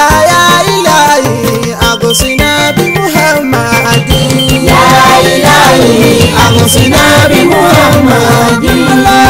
ya ilahi agosina bi muhammadi ya ilahi agosina bi muhammadi.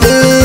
do.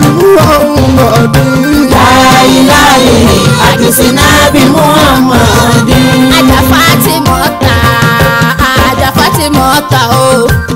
nabi muhammadin. láìláì àdùsí nabi muhammadin. àjàfà ti mọ̀ ta àjàfà ti ta o.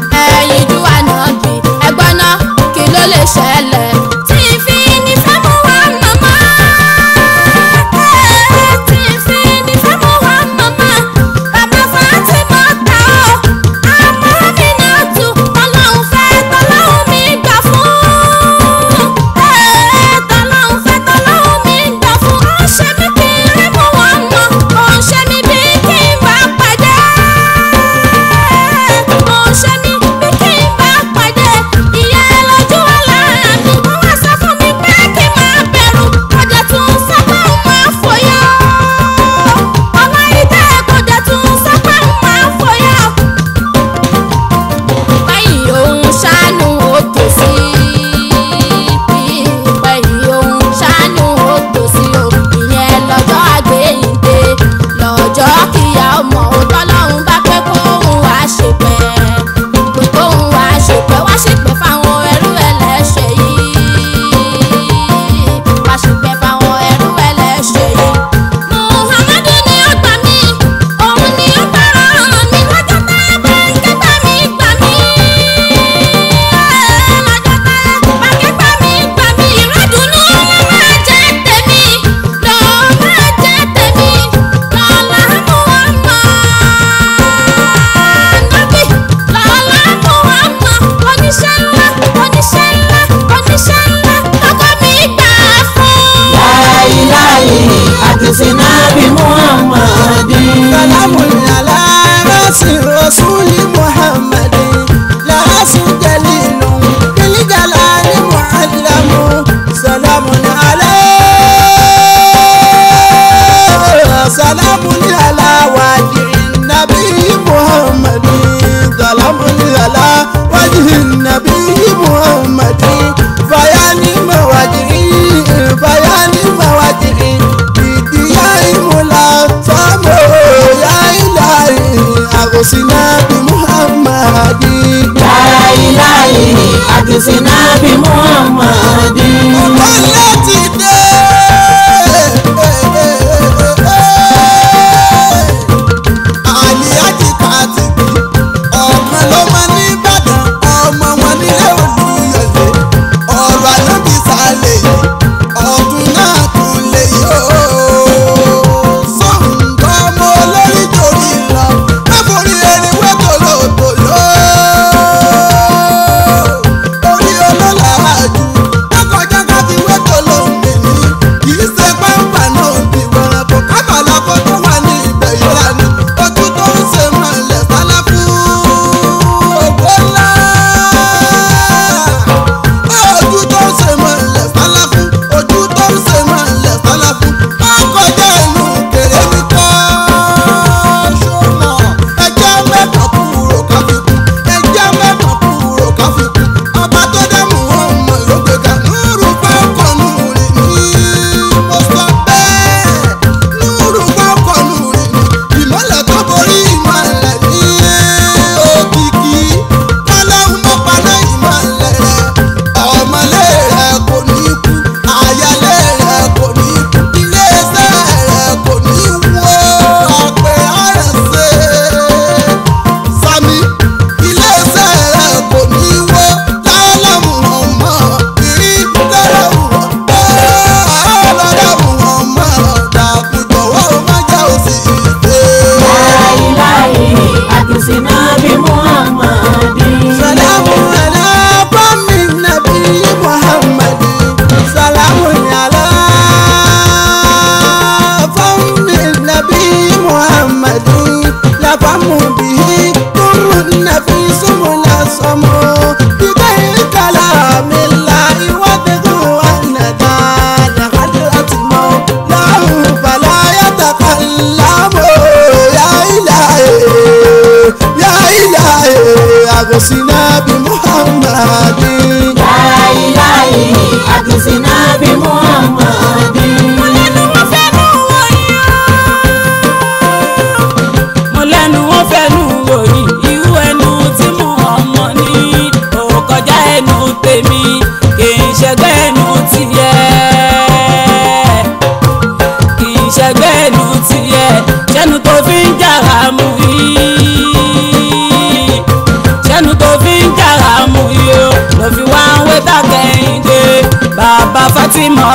¡Gracias!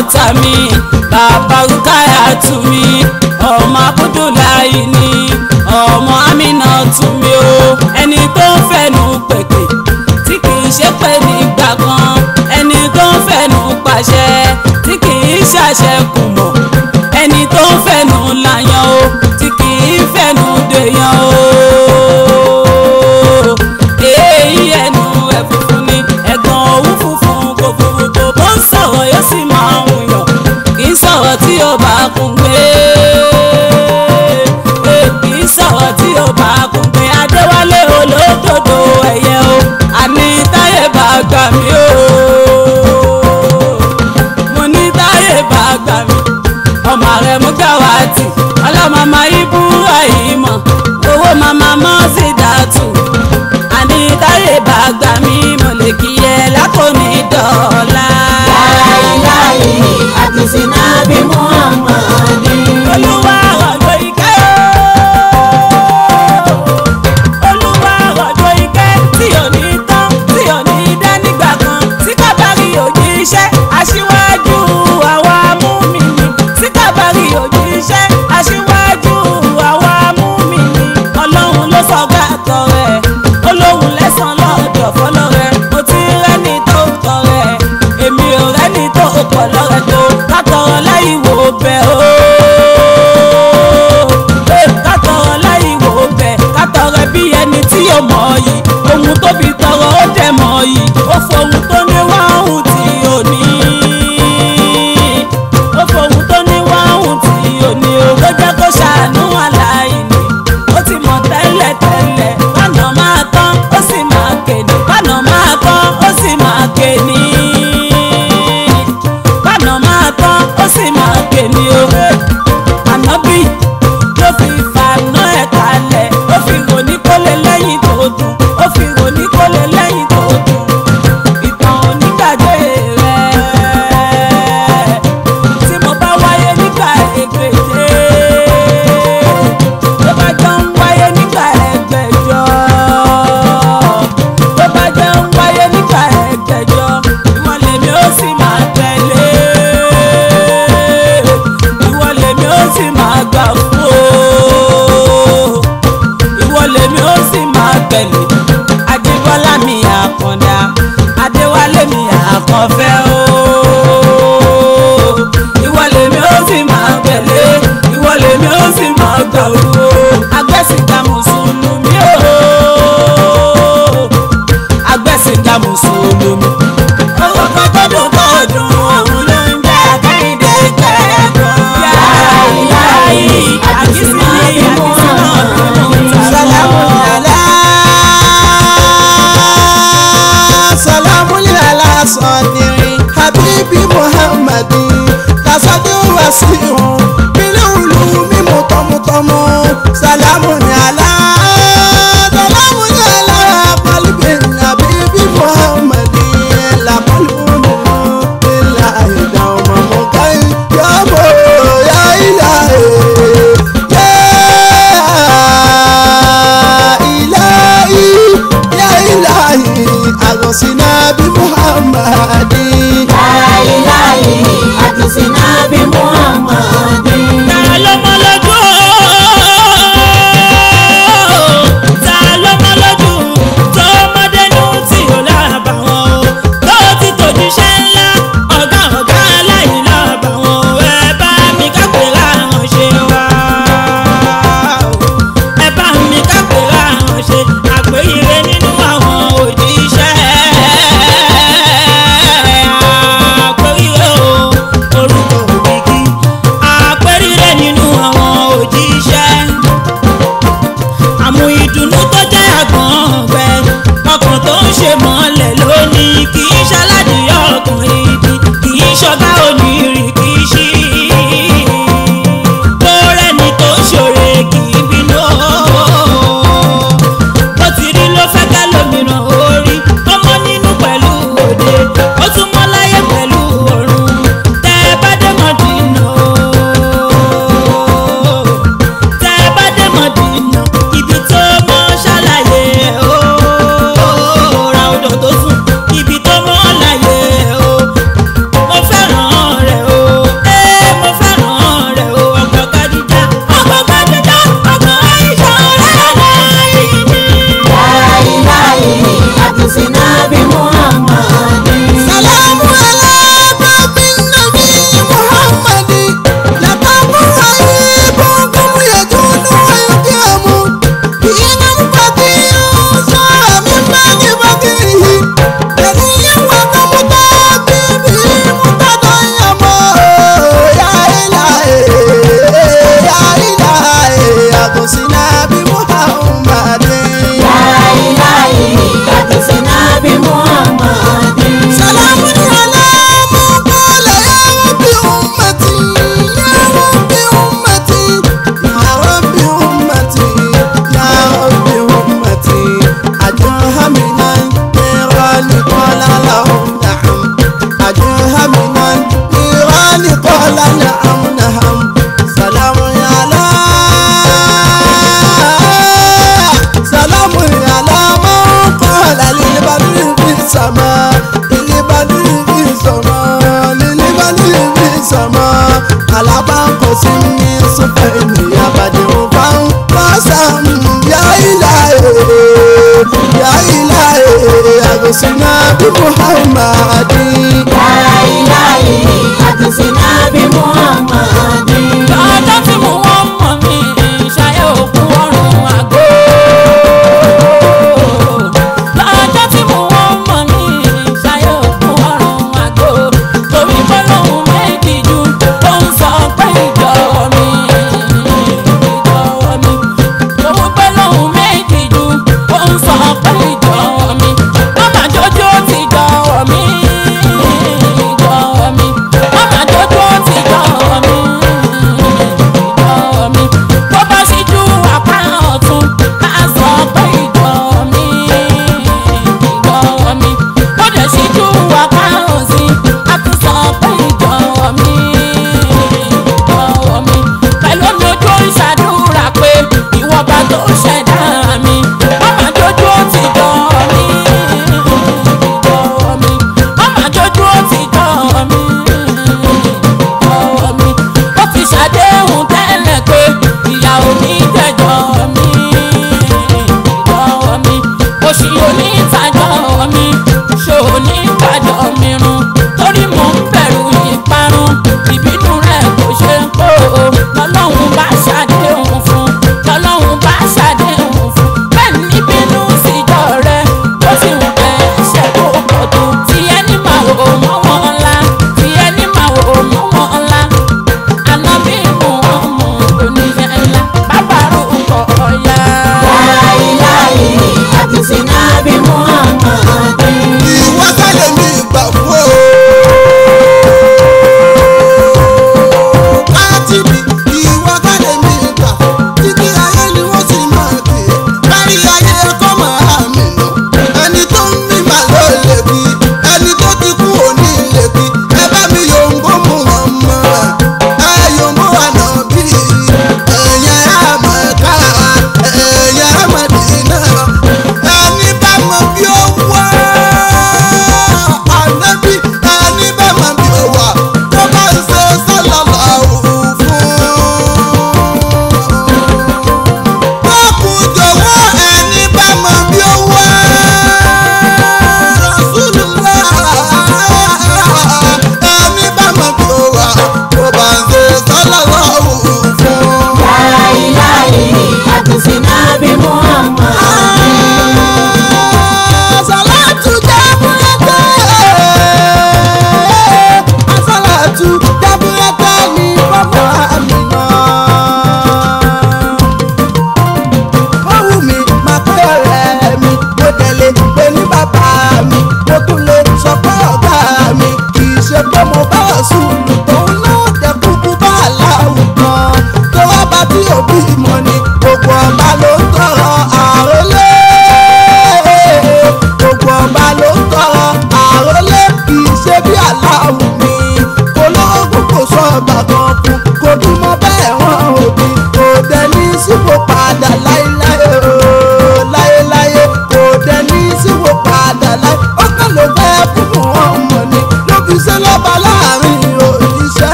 ọ̀tá mi bàbá rúkáyà tù mí ọmọ akúndùláyì ni ọmọ amínà tù mí o ẹni tó ń fẹnu pèpè tí kì í ṣe pé nígbà kan ẹni tó ń fẹnu pàṣẹ tí kì í dàtú ọlọ́mọọmọ ibú àìmọ̀ owó màmá mọ́ sí dàtú àní táyé bá gbà محمد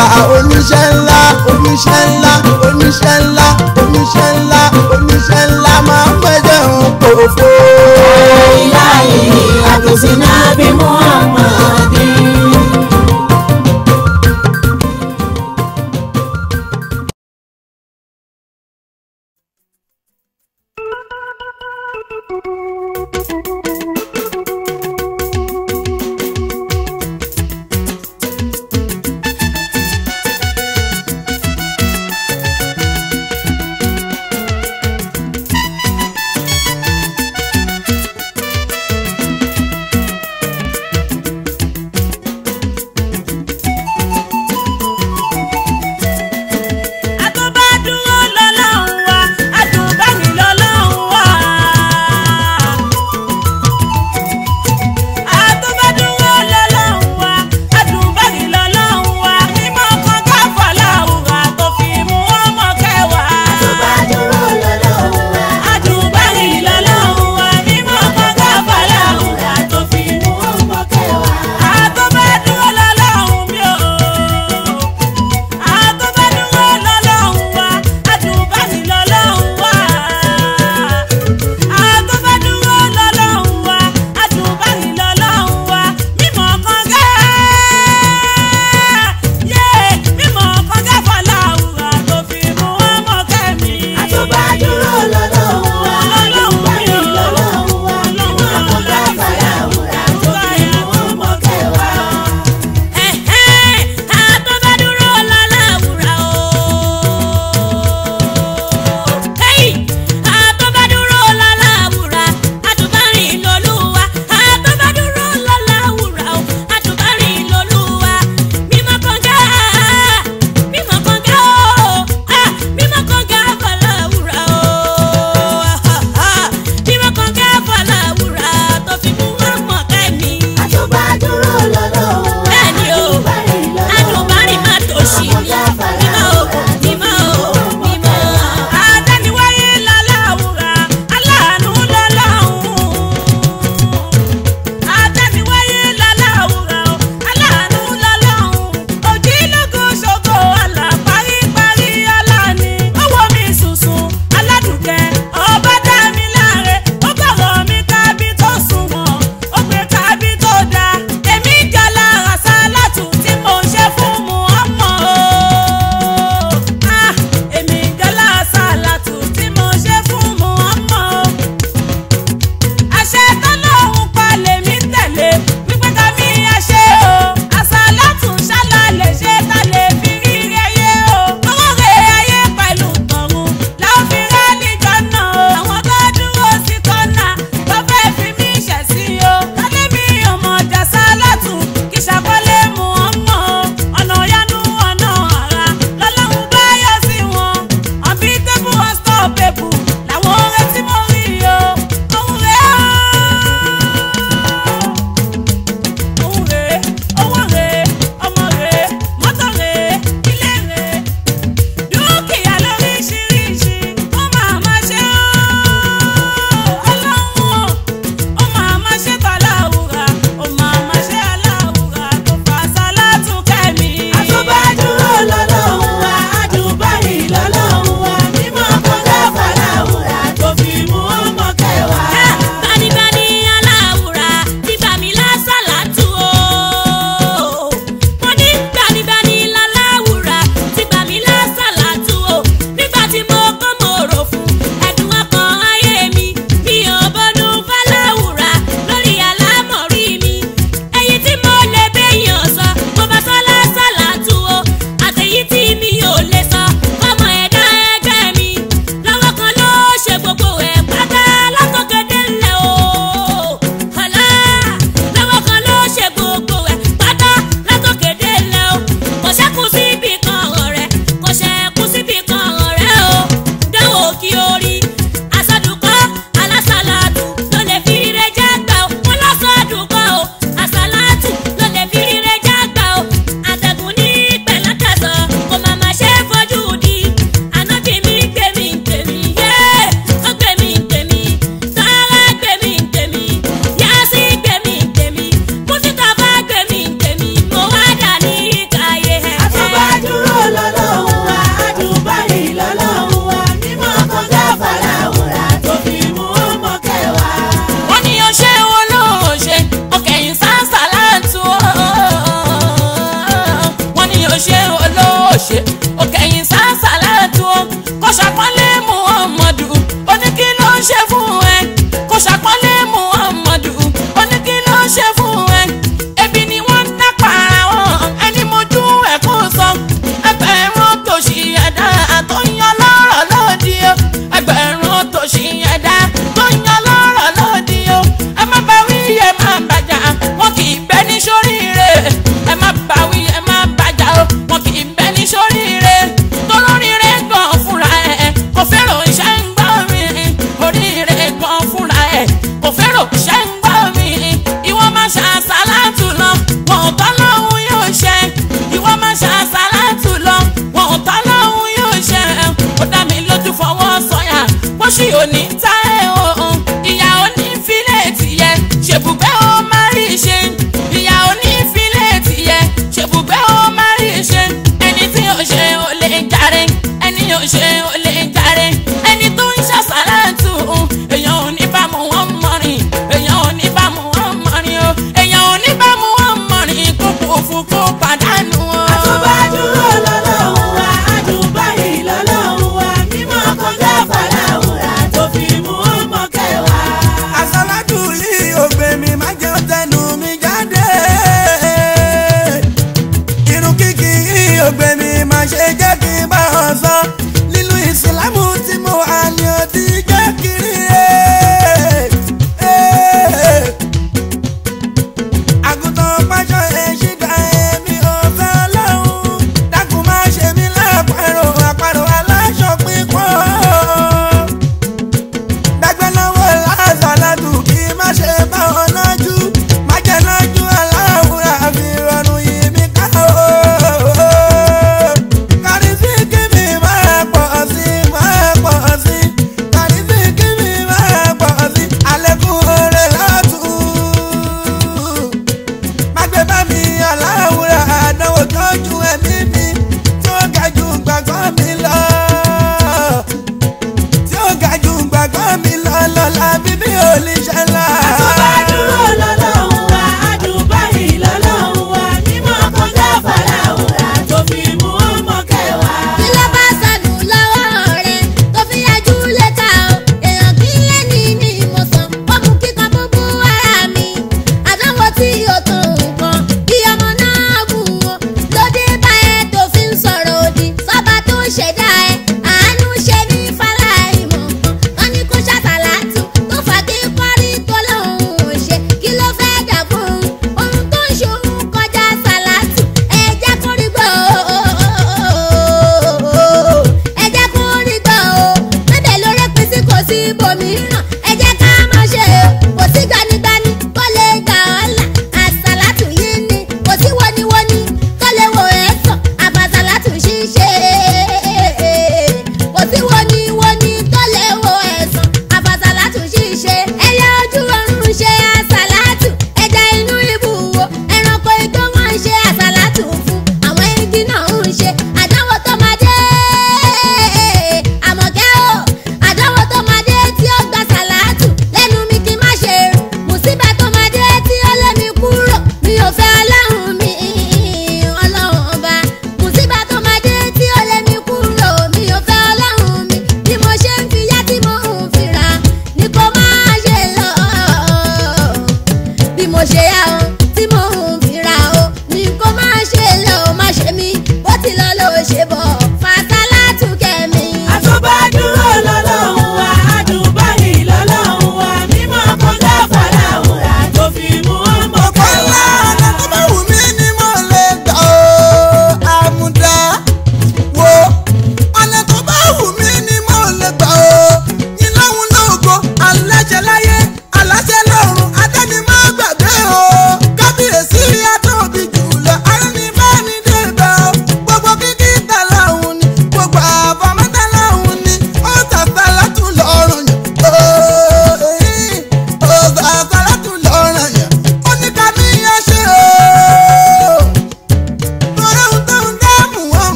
bàbá oníṣẹ́ ńlá oníṣẹ́ ńlá oníṣẹ́ ńlá oníṣẹ́ ńlá oníṣẹ́ ńlá máa ń pẹ́jọ́ òfò.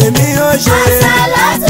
lèmi ó ṣe. àṣà láti.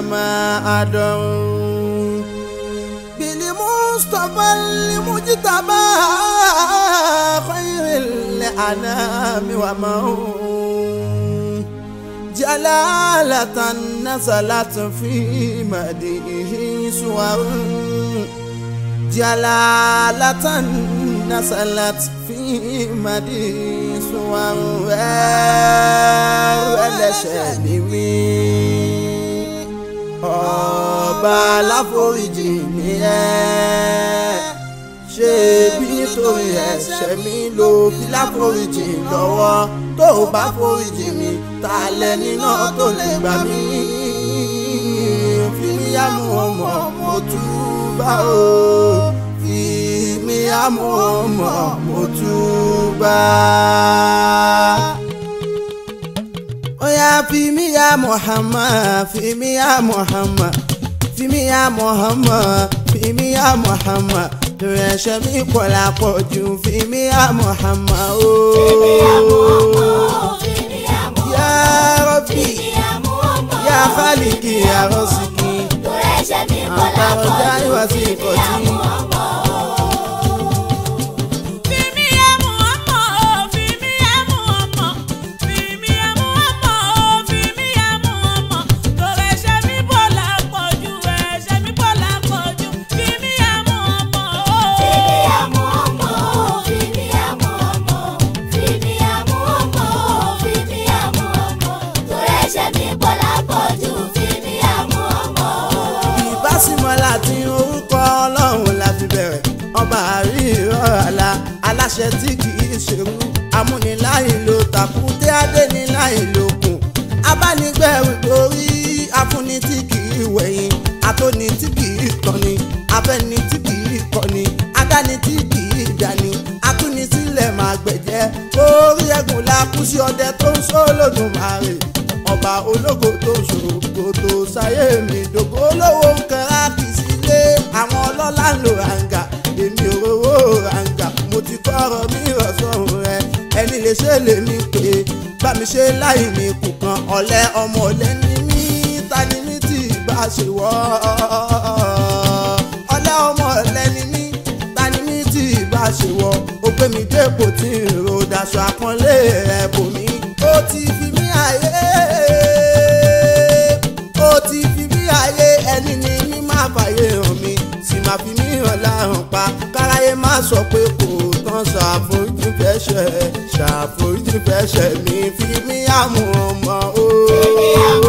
كما أدعو بالمصطفى المجتبى خير الأنام ومن جلالة نزلت في مديه سور جلالة نزلت في مديه سور ẹlẹ́ṣẹ̀ ni wí ọba aláforíjì ni ẹ́ ṣe bí nítorí ẹ̀ṣẹ̀ mi ló fi láforíjì lọ́wọ́ tó o bá foríjì mi ta lẹ́ni náà tó lè gbà mí fi mí àmú ọmọ mo túbà o fi mí àmú ọmọ mo túbà. Oya fi mí ya Muhammad, fi mí ya Muhammad, fi mí ya Muhammad, fi mí ya Muhammad. Lórí ẹ̀ṣẹ̀ mi kò lápọ̀ jù, fi mí ya Muhammad ooo. Fi mí ya Muhammad, ya Muhammad. Ya Rabbi, ya Khaliki, ya Rasiki. Lórí mi kò lápọ̀ fi mí ya Muhammad. aláṣẹ tí kì í ṣerú amúniláyè ló tàkúté adéniláyè lókun abánigbẹ̀rù lórí afúni tí kì í wẹ̀yìn atóni tí kì í tọ́ni afẹ́ni tí kì í kọ́ni adáni tí kì í dání atúni sílẹ̀ máa gbẹ̀jẹ́ orí ẹ̀gùn la kú sí ọdẹ tó ń sọ Olódùmarè ọba ológo tó ń ṣòro kò tó sáyé mi dògó olówó nǹkan á kì í sílé àwọn ọlọ́lá ń lo ràǹgà èmi ò rówó ràǹgà ti kọ́rọ̀ mi rọ̀ sọ̀rọ̀ rẹ ẹni lè ṣe lè mi pé bá mi ṣe láì ní kù kan ọ̀lẹ ọmọ ọ̀lẹ ni mí ta ni mí tí bá ṣe wọ́ ọ̀lẹ ọmọ ọ̀lẹ ni mí ta ni mí tí bá ṣe wọ́ ó gbé mi dépò tí ń ro daṣọ àpọ́nlé ẹ̀ láyé má sọ pé kò tán ṣàforíjì fẹ́ṣẹ̀ ṣàforíjì fẹ́ṣẹ̀ mi fi mí àmú ọmọ o. Oh.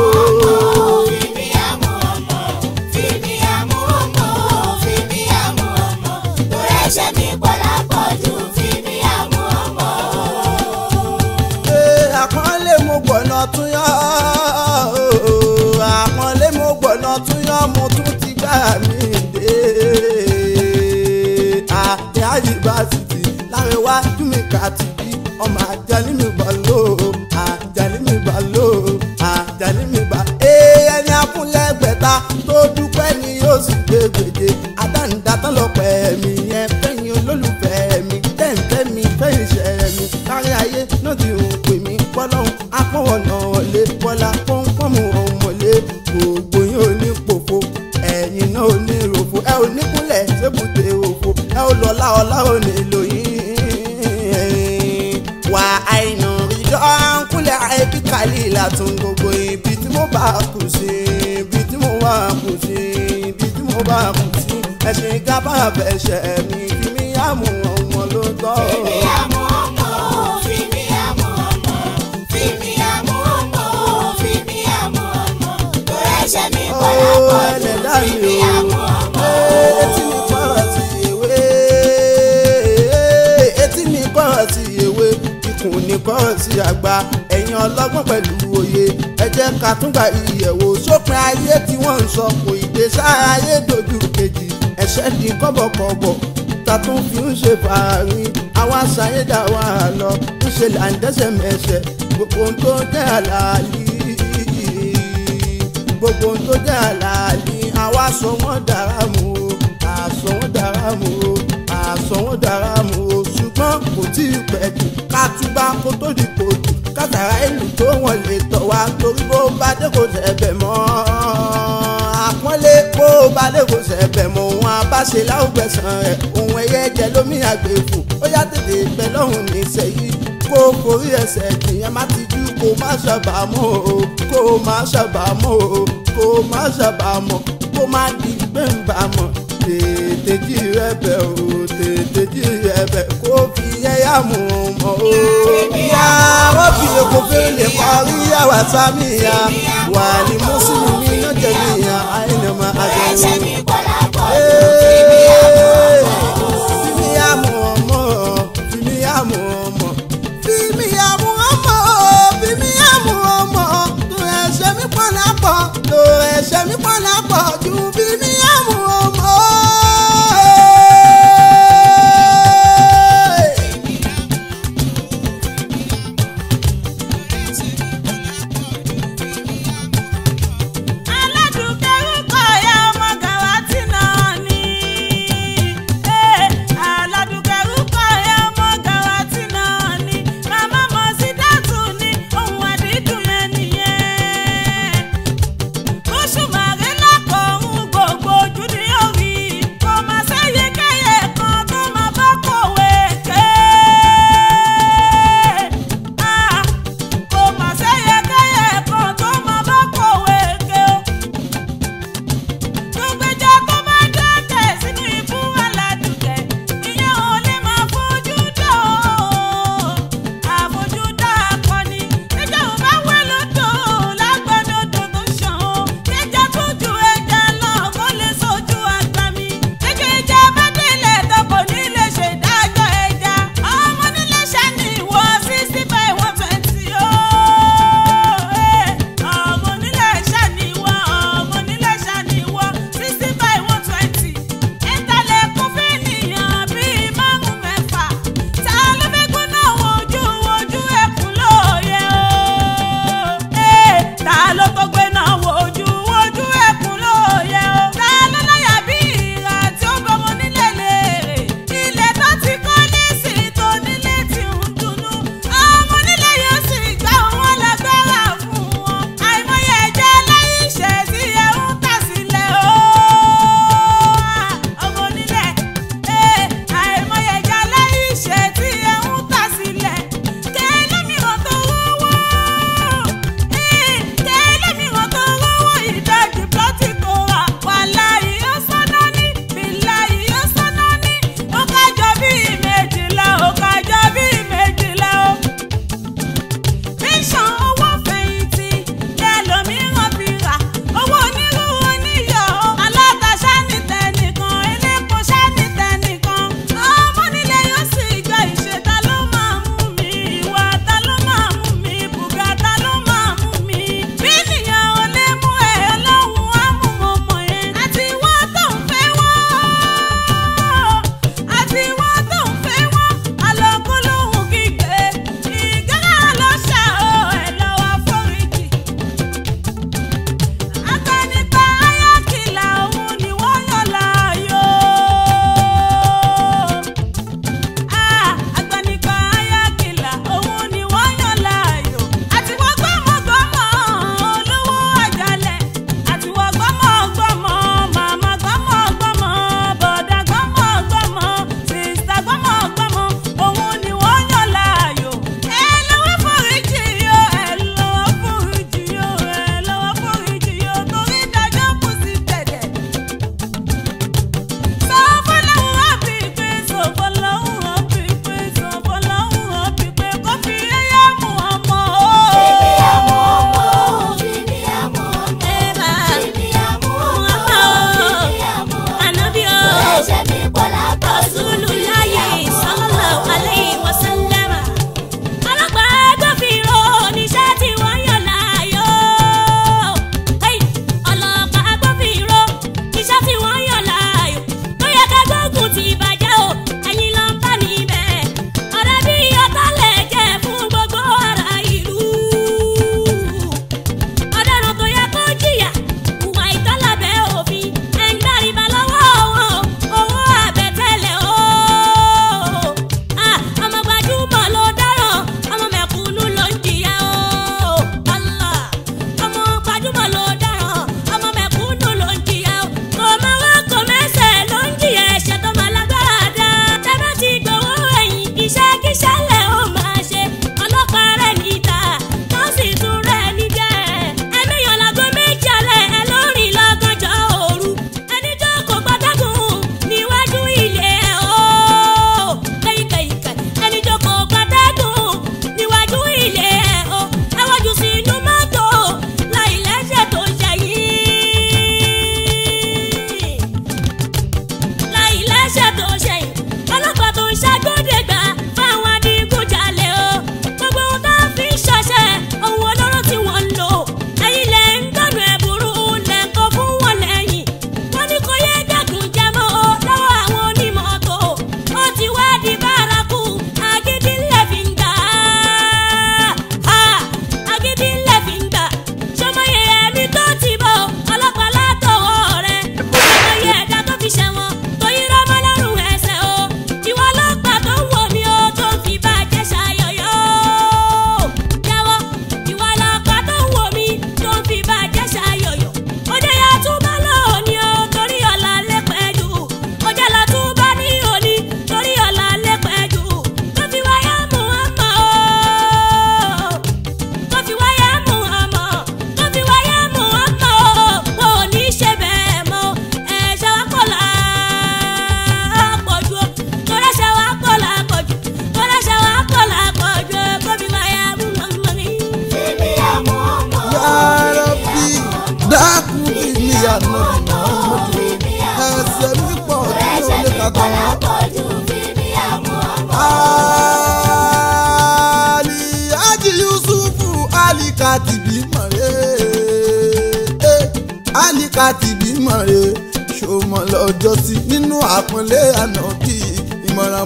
kù sí ibi tí mo wà kù sí ibi tí mo bá kù sí ẹ̀sìn kábà fẹsẹ̀ mi kí mi yá mú ọmọ ló tọ́. èmi yá mú ọmọ fi mi yá mú ọmọ fi mi yá mú ọmọ fi mi yá mú ọmọ tó ẹsẹ̀ mi kọ́ra pọ̀ tó fi mi yá mú ọmọ. etí mi kọ́ ti ewé etí mi kọ́ ti ewé ikùn ní kọ́ ti àgbà ẹ̀yin ọlọ́gbọ́n pẹ̀lú òye jẹ́ ká tún gbà ìyẹ̀wò sópin ayé tí wọ́n ń sọ kò ìdè sáyé dojú kejì ẹ̀ṣẹ̀ di kọ́bọ̀kọ́bọ̀ ta tún fi ń ṣe fàárín àwa ṣàyẹ̀dá wa lọ ń ṣe là ń dẹ́sẹ̀ mẹ́sẹ̀ gbogbo ohun tó jẹ́ àlàyé gbogbo ohun tó jẹ́ àlàyé àwa sọ wọ́n dára mú o àsọ wọ́n dára mú o àsọ wọ́n dára mú o ṣùgbọ́n kò tí ì pẹ́ jù ká tún bá kó tó dìpọ̀ jù ká tàrà ẹ̀ kó bá dé kò sẹ̀bẹ̀ mọ́ àpọ́nlé kó bá dé kò sẹ̀bẹ̀ mọ́ òun abáṣe láwùgbẹ̀sán rẹ̀ òun ẹyẹ jẹ lómi àgbẹ̀fù ó yá tètè pẹ́ lọ́hùn ní sẹ́yìn kó forí ẹsẹ̀ kìyẹn má ti jú kó má ṣàbàmọ́ o kó má ṣàbàmọ́ o kó má ṣàbàmọ́ kó má di gbẹ̀ǹbàmọ́ tètè jí rẹ̀ bẹ̀ o tètè méjì ẹ̀bẹ̀ kó fi yẹ́yà mú mọ́ o. àwọn fìlè kò fẹ́ lè parí yàrá sami ya wà ní mùsùlùmí náà jẹ̀bi ya àìnàmọ́ àjẹmí. fìmí yà mú ọmọ fìmí yà mú ọmọ fìmí yà mú ọmọ fìmí yà mú ọmọ tó mi pọ̀ lápọ̀ tó ẹ̀ṣẹ̀ mi pọ̀ lápọ̀.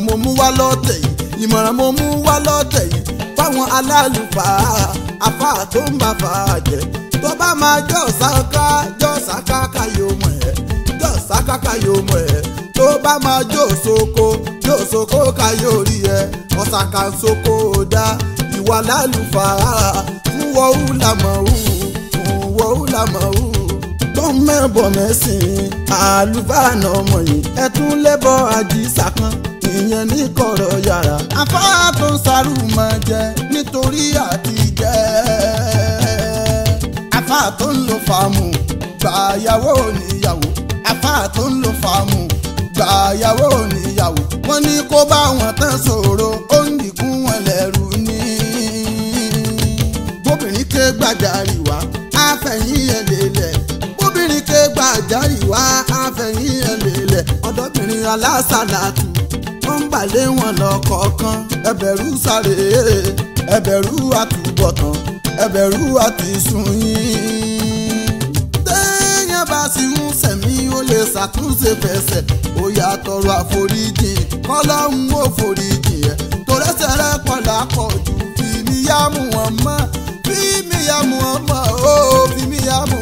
mo mú wá lọ́tẹ̀ yìí ìmọ̀ràn mo mú wá lọ́tẹ̀ yìí fáwọn alálùfáà afá tó ń bá fà á jẹ tó bá máa jọ sáká jọ sáká káyọ̀ mọ̀ ẹ́ jọ sáká káyọ̀ mọ̀ ẹ́ tó bá máa jọ soko jọ soko káyọ̀ rí ẹ ọ̀sàkà soko dá ìwà lálùfáà ń wọ́ làmọ̀ ú ń wọ́ làmọ̀ ú tó mẹ́bọ̀ mẹ́sìn àlùbáànà ọmọ yìí ẹ tún lẹ́bọ̀ àdìsá kan ìyẹn ní kọ̀rọ̀ yàrá. afárá tó ń sarú mọ jẹ nítorí àtijẹ́. afárá tó ń lo fàmù gbàyàwó níyàwó. afárá tó ń lo fàmù gbàyàwó níyàwó. wọ́n ní kó bá wọn tán sọ̀rọ̀ ó ń dìkún wọn lẹ́rù ní. bóbìnrin ké gbàjarì wá àfẹ̀yìn ẹ̀ lélẹ̀ bóbìnrin ké gbàjarì wá àfẹ̀yìn ẹ̀ lélẹ̀ ọ̀dọ́bìnrin alásàlátù pàdé wọn lọ́kọ̀ọ̀kan ẹ bẹ̀rù sáré ẹ bẹ̀rù àtúbọ̀tán ẹ bẹ̀rù àtìsùn yín. téèyàn bá sì ń sẹ̀mí ó lè ṣàtúnṣe fẹsẹ̀ ó yá tọrọ àforíjì kọ́lọ́hún ó foríjì ẹ̀ torẹ́sẹ̀ rẹ̀ kọlà pọ̀ jù fìmíyàmù wọn mọ́ fìmíyàmù wọn mọ́ ó fìmíyàmù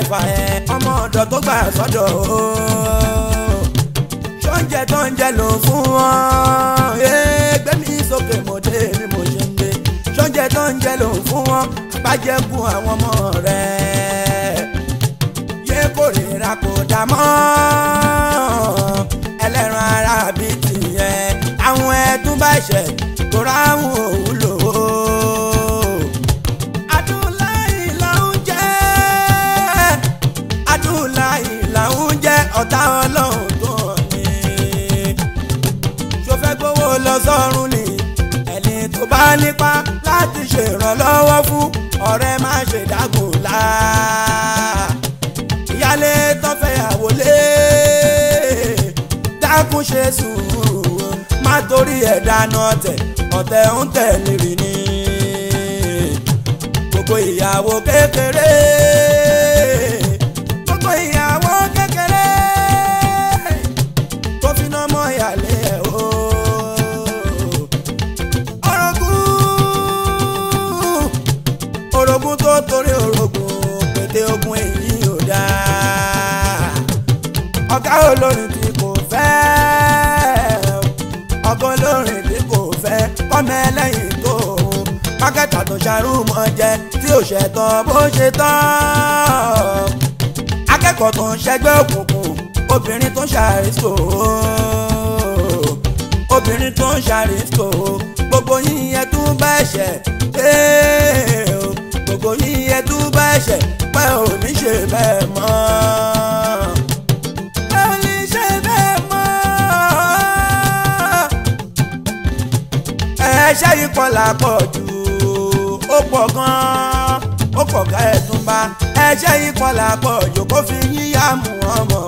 láìfà ẹ ọmọ ọ̀dọ̀ tó gbà sọ́dọ̀ o ṣóúnjẹ tó ń jẹ ló fún wọn gbé mi sókè mo dé mi mo ṣe ń gbé ṣóúnjẹ tó ń jẹ ló fún wọn bàjẹ́ kú àwọn ọmọ rẹ yé kórìíra kò dá mọ́ ẹlẹ́ran ara bíi tìyẹn àwọn ẹ̀tún bá ṣẹ̀ kó ráhùn òwúlò. bá nípa láti ṣèrànlọ́wọ́ fún ọ̀rẹ́ má ṣe dágò lá. ìyálé tó fẹ́yàwó lé dákun ṣe sùúrù má torí ẹ̀ dáná ọ̀tẹ̀ ọ̀tẹ̀ ń tẹ̀lé rí ni gbogbo ìyàwó kékeré. ṣàrú mọ́ jẹ tí ò ṣẹ̀tàn bó ṣe tán. akẹ́kọ̀ọ́ tó ń ṣẹgbẹ́ òkùnkùn obìnrin tó ń ṣàrísò obìnrin tó ń ṣàrísò gbogbo yín ẹ tún bá ẹ̀ṣẹ̀ gbogbo yín tún bá ẹ̀ṣẹ̀ pé ò ní ṣe bẹ́ẹ̀ mọ́. ẹ̀ṣẹ̀ yìí kan làpọ̀ jù pọ̀ gan-an ó pọ̀ ga ẹ̀dùn bá ẹ̀ṣẹ́ yìí kan làpọ̀ òjò fi yíyá mú ọmọ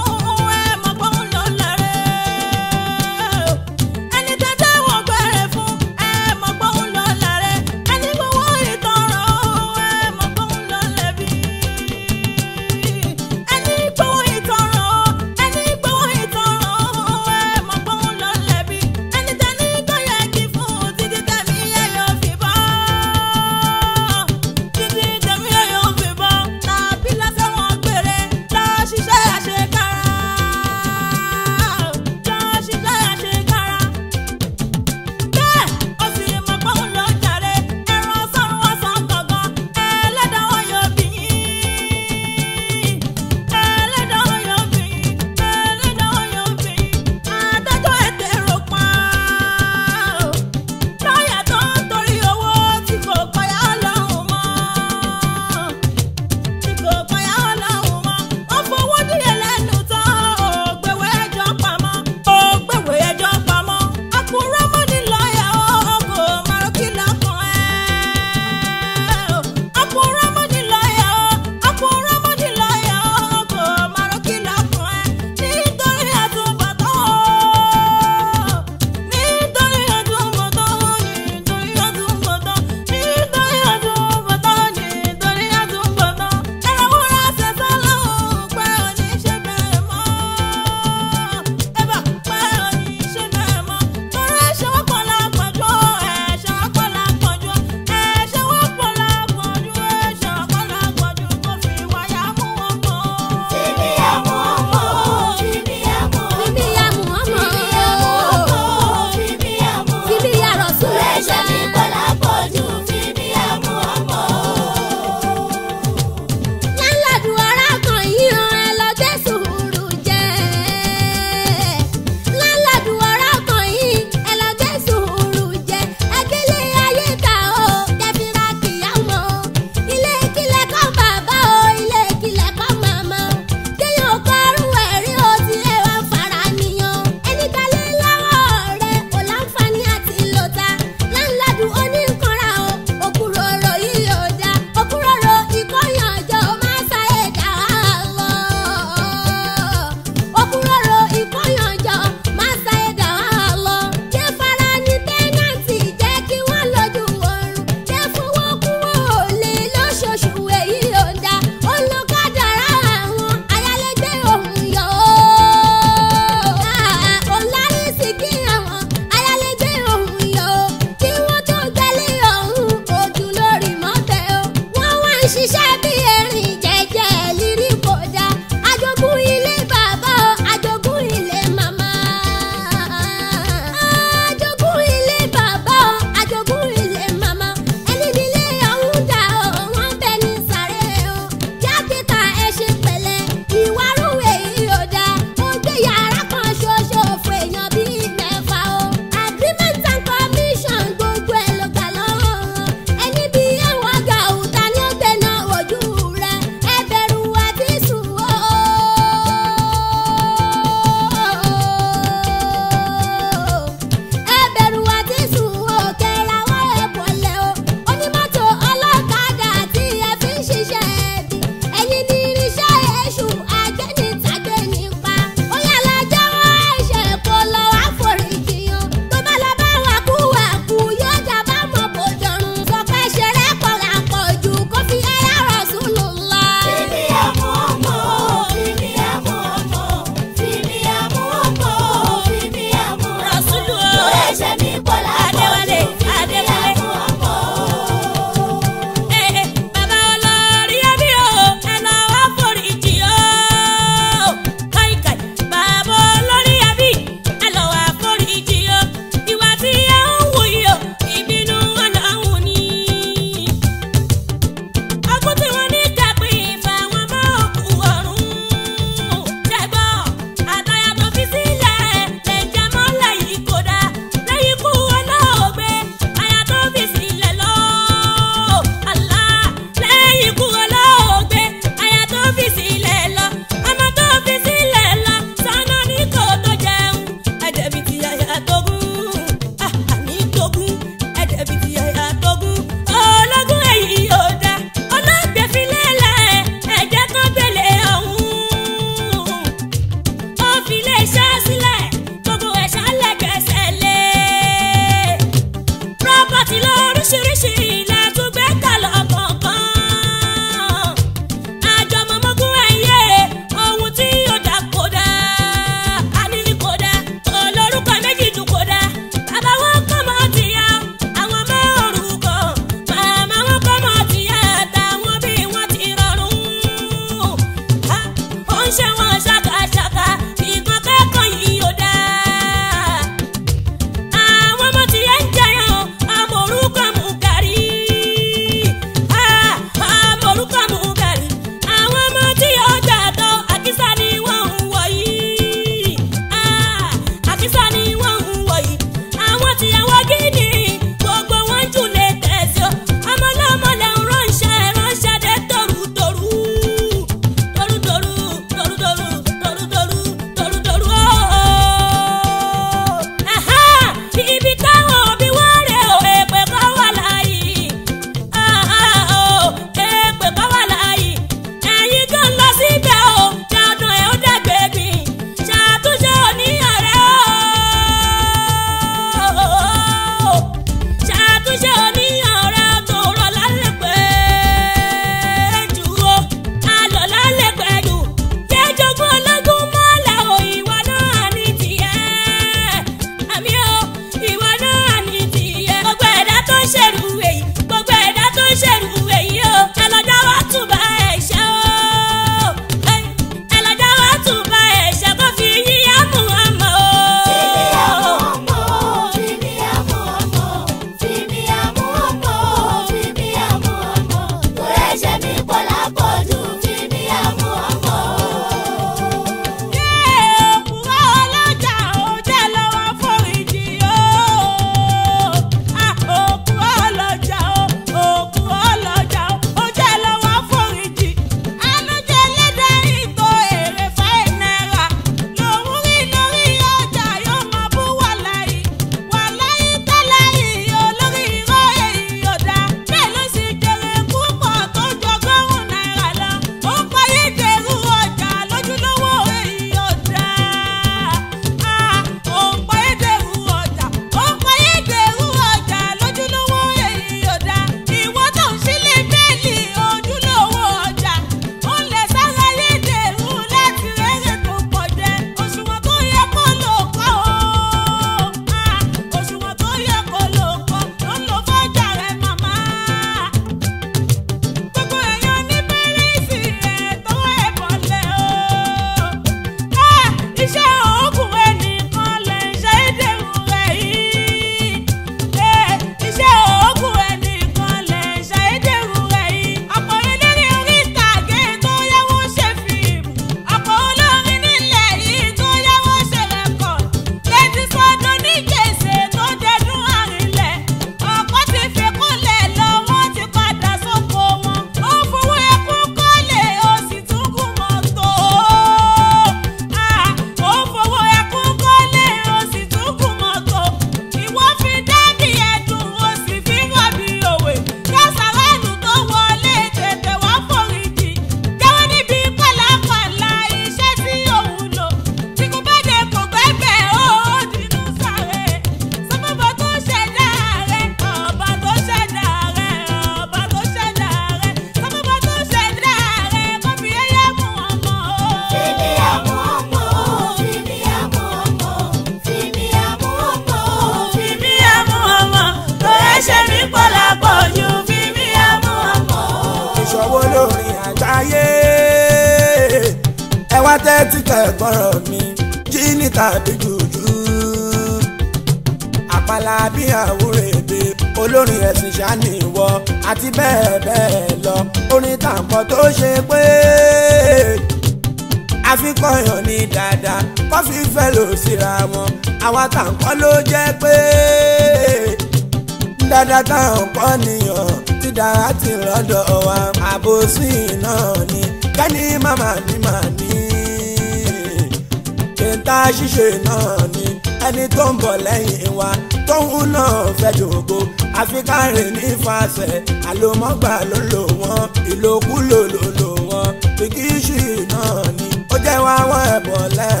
ṣíṣe náà ni ẹni tó ń bọ̀ lẹ́yìn wa tóun náà fẹ́ jòkó àfi káre nífàsẹ̀ àlòmọ́gbà ló lò wọ́n ìlòkulò ló lò wọ́n fìkìṣì náà ni ó jẹ́ wá wọ́n ẹ̀bọ̀ lẹ́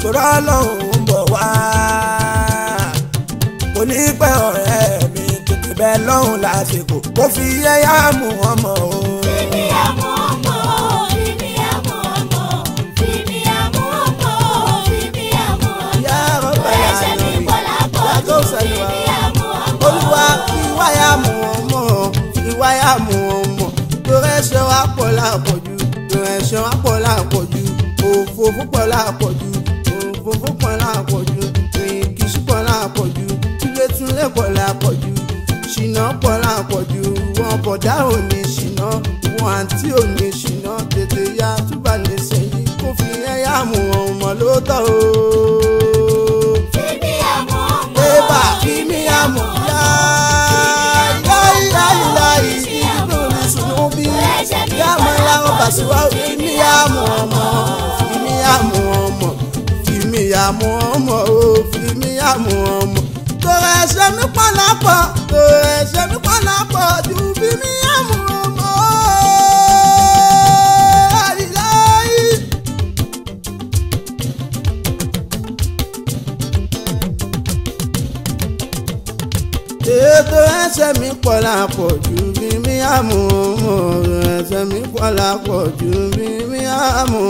tòrọ́ lòun ń bọ̀ wá. kò ní pẹ́ ọ̀rẹ́ mi tètè bẹ́ẹ̀ lọ́hùn lásìkò kó fi yẹ́yà mú ọmọ o. pọ̀ lápọ̀jù ẹ̀ṣọ́ á pọ̀ lápọ̀jù òfófó pọ̀ lápọ̀jù òfófó pọ̀ lápọ̀jù èkìsí pọ̀ lápọ̀jù túlétúlé pọ̀ lápọ̀jù ṣìnà pọ̀ lápọ̀jù wọn bọ̀dá ò ní ṣìnà wọn àǹtí ò ní ṣìnà tètè ya túbà lè ṣẹ́yìn kó fi ẹ̀yà mú ọmọ lóòótọ́ o. àṣùwà fìmí àmú ọmọ fìmí àmú ọmọ fìmí àmú ọmọ o fìmí àmú ọmọ. kò ẹ̀ṣẹ̀ mi pọ̀ lápọ̀ kò ẹ̀ṣẹ̀ mi pọ̀ lápọ̀ ju fìmí. ẹ̀ṣẹ̀ mi pọ̀ lápọ̀ jù bí mi àmú ẹ̀ṣẹ̀ mi pọ̀ lápọ̀ jù bí mi àmú.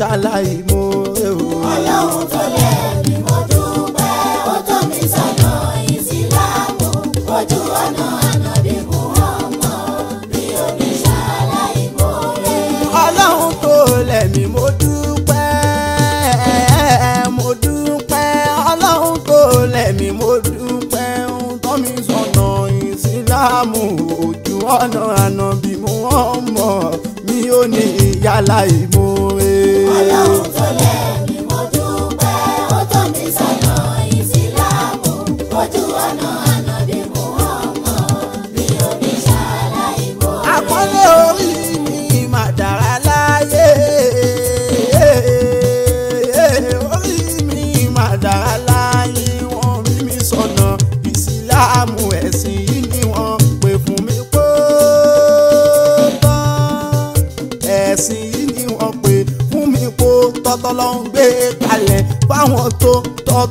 ṣàlàyé mo ọlọ́run tó lẹ̀ ni mo dúpẹ́ ó tó mi sọ̀nà ìsìláàmù ojú ọ̀nà ànàbí Muhammad bí omi ṣàlàyé mo rẹ̀. ọlọ́run tó lẹ̀ ni mo dúpẹ́ mo dúpẹ́ ọlọ́run tó lẹ̀ ni mo dúpẹ́ ó tó mi sọ̀nà ìsìláàmù ojú ọ̀nà ànàbí Muhammad mi ò ní ìyá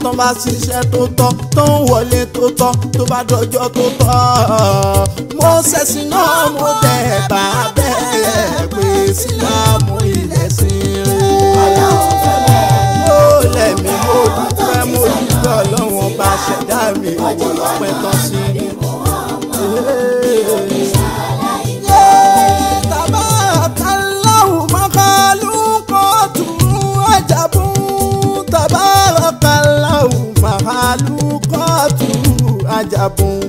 tán bá ṣiṣẹ́ tó tọ́ tó ń wọlé tó tọ́ tó bá dọjọ́ tó tọ́ mo ṣẹ̀sìn náà mo tẹ̀ bá bẹ́ẹ̀ pé síláàmù ìlẹ̀sìn rẹ̀ mo lẹ̀mí mo dúpẹ́ mo dúpẹ́ ọlọ́run bá ṣẹ̀dá mi owó lọ́pẹ́ tán sí i. àjàbùn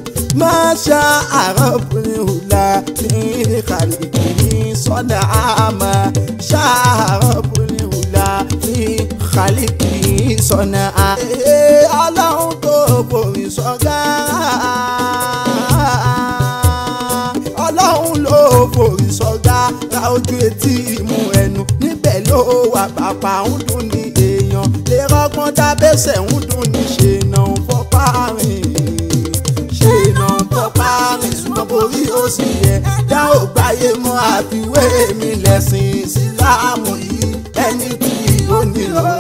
máṣá àrọ́bìnrin hùlà ní kàlùkù ní sọ́dà àmà ṣá àrọ́bìnrin hùlà ní kàlùkù ní sọ́nà àmà. ọlọ́run tó borí sọ́gá. ọlọ́run ló borí sọ́gá ra ojú etí imú ẹnu níbẹ̀ ló wà pàpà ń dùn ní èèyàn lè rọ́gbọ́n dábẹ́sẹ̀ ń dùn ní ṣe náà. sì yẹ dá ò gbáyé mọ́ àfiwé mi lẹ́sìn ìsìláàmù yìí ẹni tí ó nílò.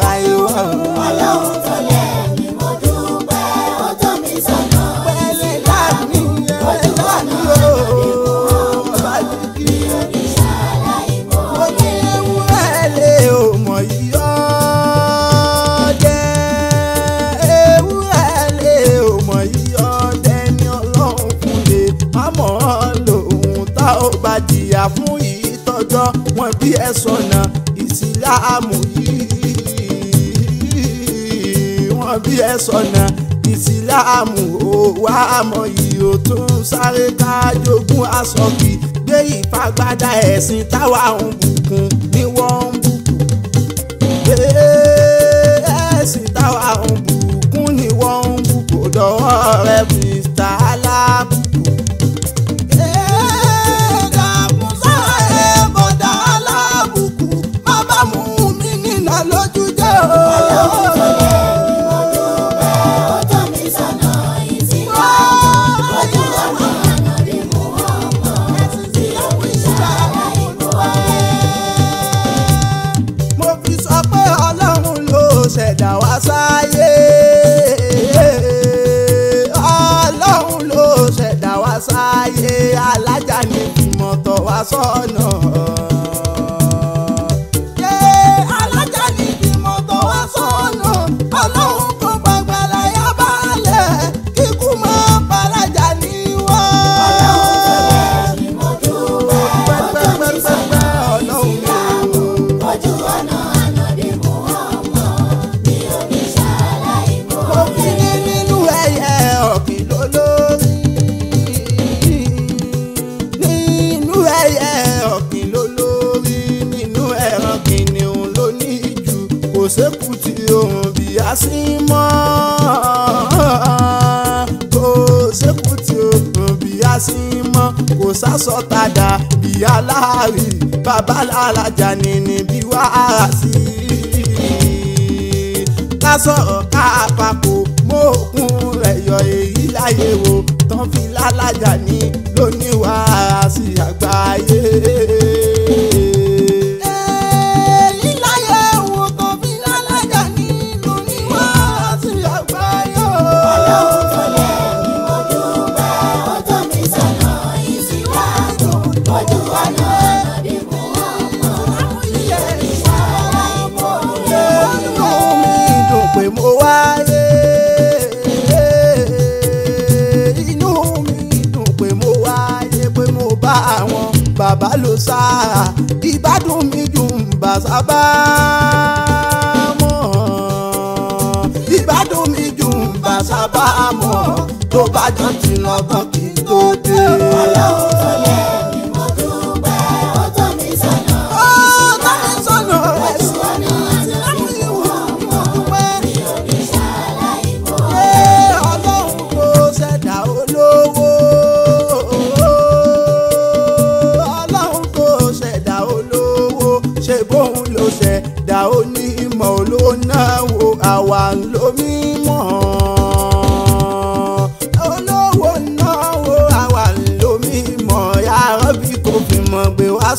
sọ́nà ìsìláàmù yìí wọ́n bí ẹ sọ́nà ìsìláàmù ó wá àmọ́ yìí ó tún sáré ká jogún aṣọ kì gbé ìfagbádá ẹ̀sìn táwa ń bùkún. alájà ni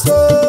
lascou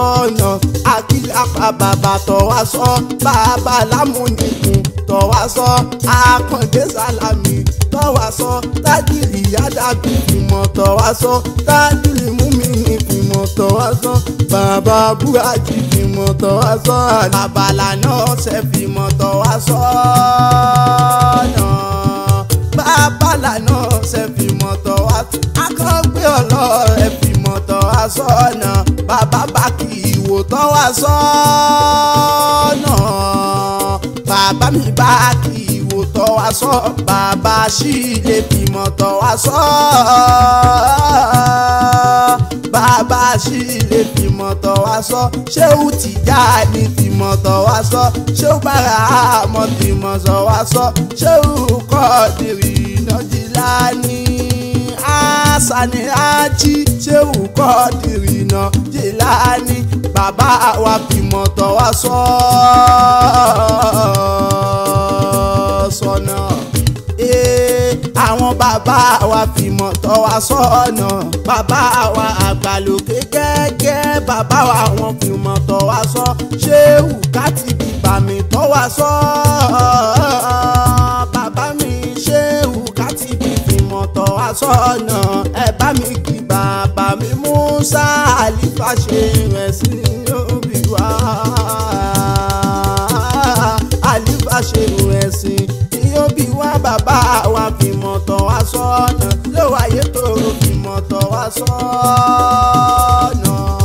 mọ̀yàn àkìlàpá bàbá tọ̀wá sọ bàbá lámúnìkùn tọ̀wá sọ àkàndé sálámì tọ̀wá sọ tájìlì yádàgbé ìmọ̀ tọ̀wá sọ tájìlì múmìnì ìmọ̀ tọ̀wá sọ bàbá búrájì ìmọ̀ tọ̀wá sọ àbàlà náà ṣe fìmọ̀ tọ̀wá sọ náà bàbá lànà ṣe fìmọ̀ tọ̀wá akọ́gbé ọlọ́ọ̀rẹ́ fìmọ̀ tọ̀wá sọ náà sọ́nà bàbá mi bá kì í wò tọ́ wa sọ́ bàbá sì lè bímọ tọ́ wa sọ́ bàbá sì lè bímọ tọ́ wa sọ́ ṣé ó ti já ní bímọ tọ́ wa sọ́ ṣé ó bára àmọ́ bímọ tọ́ wa sọ́ ṣé ó kọ́ dèrè ìnájìlá ní àṣà ní ají ṣé ó kọ́ dèrè náà a ní bàbá wa fìmọ̀ tọ́ wa sọ sọ́nà àwọn bàbá wa fìmọ̀ tọ́ wa sọ́nà bàbá wa àgbàlókè gẹ́gẹ́ bàbá wa wọn fìmọ̀ tọ́ wa sọ ṣéwù káàtì bàmí tọ́ wa sọ́ọ́. sọ́nà ẹ bá mi kí bàbá mi Musa Alifa ṣe rẹ̀ sí Oòduà Alifa ṣe rẹ̀ sí yóò bí wá bàbá wa fìmọ̀ tọ̀ wá sọ́nà lówàyé tó fìmọ̀ tọ̀ wá sọ́nà.